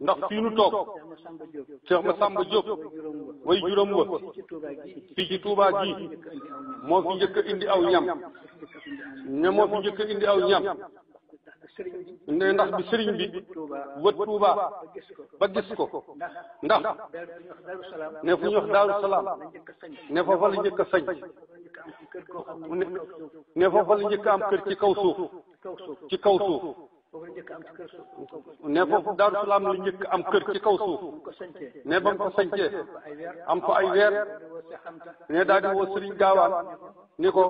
ndax fii nu toog Cheikh Massamba Diop way juróom wa fii ci Touba gi moo fi njëkk a indi aw ñam ne moo fi aw ñam ne ndax bi sëriñ bi wët Touba ba gis ko ndax ne fu ñuy wax Daaru ne foofa la njëkk a sañ a am kër ci kaw suuf ci kaw suuf ne foofu Daaru Salaam la njëkk am kër ci kaw suuf ne ba mu ko sañcee am fa ay weer ne daal di woo Sëriñ Gaawaan ni ko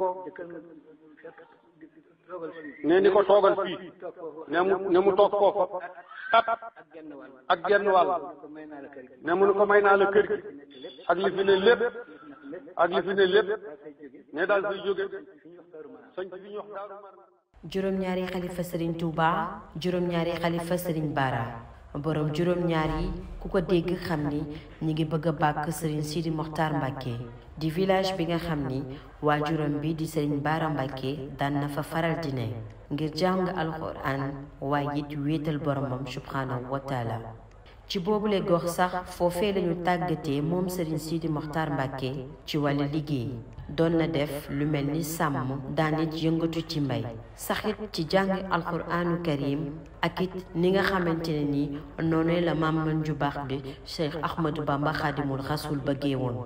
ne ni ko toogal fii ne mu ne mu toog foofa at ak genn wàll ne mu ne ko may naa la kër gi ak li fi ne lépp ak li lépp ne daal di jóge sañc bi ñu wax juróom-ñaari xalifa sëriñ Touba juróom-ñaari xalifa sëriñ Bara borom juróom-ñaar ku ko dégg xam ni ñu ngi bëgg a bàkk sëriñ Sidi Mokhtar Mbacke di village bi nga xam ni waa juróom bi di sëriñ Bara Mbacke daan na fa faral di ne ngir jàng alxuraan waaye it wéetal boromam subhaanahu wa taala ci boobule gox sax foofee lañu tàggatee moom sëriñ Sidi Mokhtar Mbacke ci wàllu liggéey doon na def lu mel ni sàmm daan it yëngatu ci mbay saxit ci jàng alquraanu karim ak it ni nga xamante ne nii noonu la maamam ju baax bi cheikh ahmadou bamba xaadimul rasul bëggee woon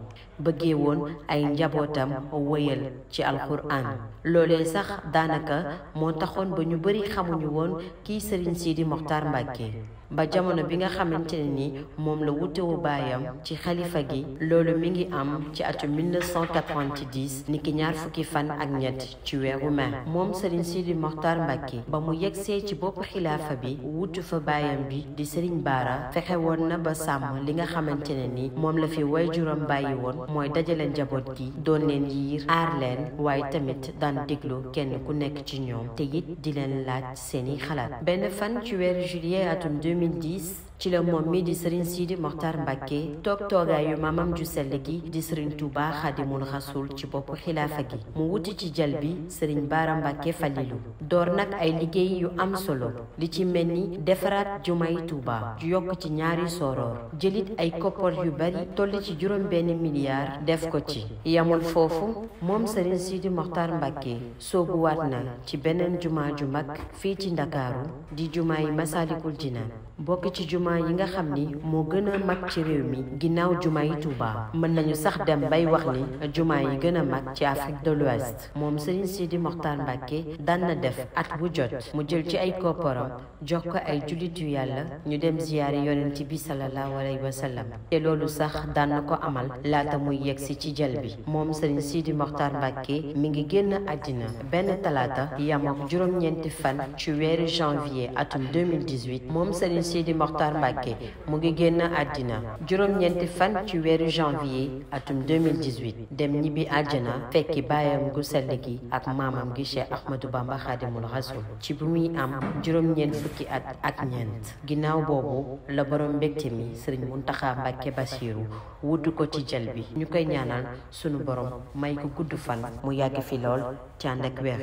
bëggee woon ay njabootam wëyal ci alquraan loolee sax daanaka moo taxoon ba ñu bari xamuñu woon kii sëriñ siidi moxtaar mbàkke ba jamono bi nga xamante ne ni moom la wutewu baayam ci xalifa gi loolu mi ngi am ci atum 2010 niki ñaar fukki fan ak ñett ci weeru moom Serigne Sidi Mokhtar Mbacké ba mu yegsee ci bopp xilaafa bi wutu fa baayam bi di Serigne Bara fexe woon na ba sàmm li nga xamante ne ni moom la fi woy waajuram bàyyi woon mooy dajale njaboot gi doon leen yiir aar leen waaye tamit daan déglu kenn ku nekk ci ñoom te it di leen laaj seeni xalaat benn fan ci weeru ci la moom mi di sëriñ Sidi Moxtar Mbàkke toog toogaayu maamam ju sell gi di sëriñ Tuuba Xaadimul Rasuul ci bopp xilaafa gi mu wuti ci jal bi sëriñ Baara Mbàkke Falilu door nag ay liggéey yu am solo li ci mel ni defaraat jumay Tuuba yokk ci ñaari sooroor jëlit ay koppar yu bari toll ci juróom benn milliard def ko ci yamul foofu moom sëriñ Sidi Moxtar Mbàkke soobuwaat na ci beneen jumaa ju mag fii ci Ndakaaru di jumaa yi Masaalikul Jinaan jumaa yi nga xam ni moo gën a mag ci réew mi ginnaaw jumaa yi Touba mën nañu sax dem bay wax ni jumaa yi gën a mag ci Afrique de l'Ouest moom Serigne Sidi Mokhtar Mbacké daan na def at bu jot mu jël ci ay kopparam jox ko ay jullit yu yàlla ñu dem ziyaare yonent bi sallallahu alayhi wa sallam te loolu sax daan ko amal laata muy yegsi ci jël bi moom Serigne Sidi Mokhtar Mbacké mi ngi génn àddina benn talaata yamook juróom-ñeenti fan ci weeru janvier atum 2018 Mbàkke mu ngi génn àddina juróom-ñeenti fan ci weeru janvier atum 2018 dem ñibbi àjjana fekki baayam gu sell gi ak maamam gi Cheikh Ahmadou Bamba Xaadimul Rasul ci bu muy am juróom-ñeent fukki at ak ñeent ginnaaw boobu la boroom mbégte mi Sëriñ Muntaxa Mbàkke Basiiru wutu ko ci jël bi ñu koy ñaanal sunu borom may ko gudd fan mu yàgg fi lool ci ànd weer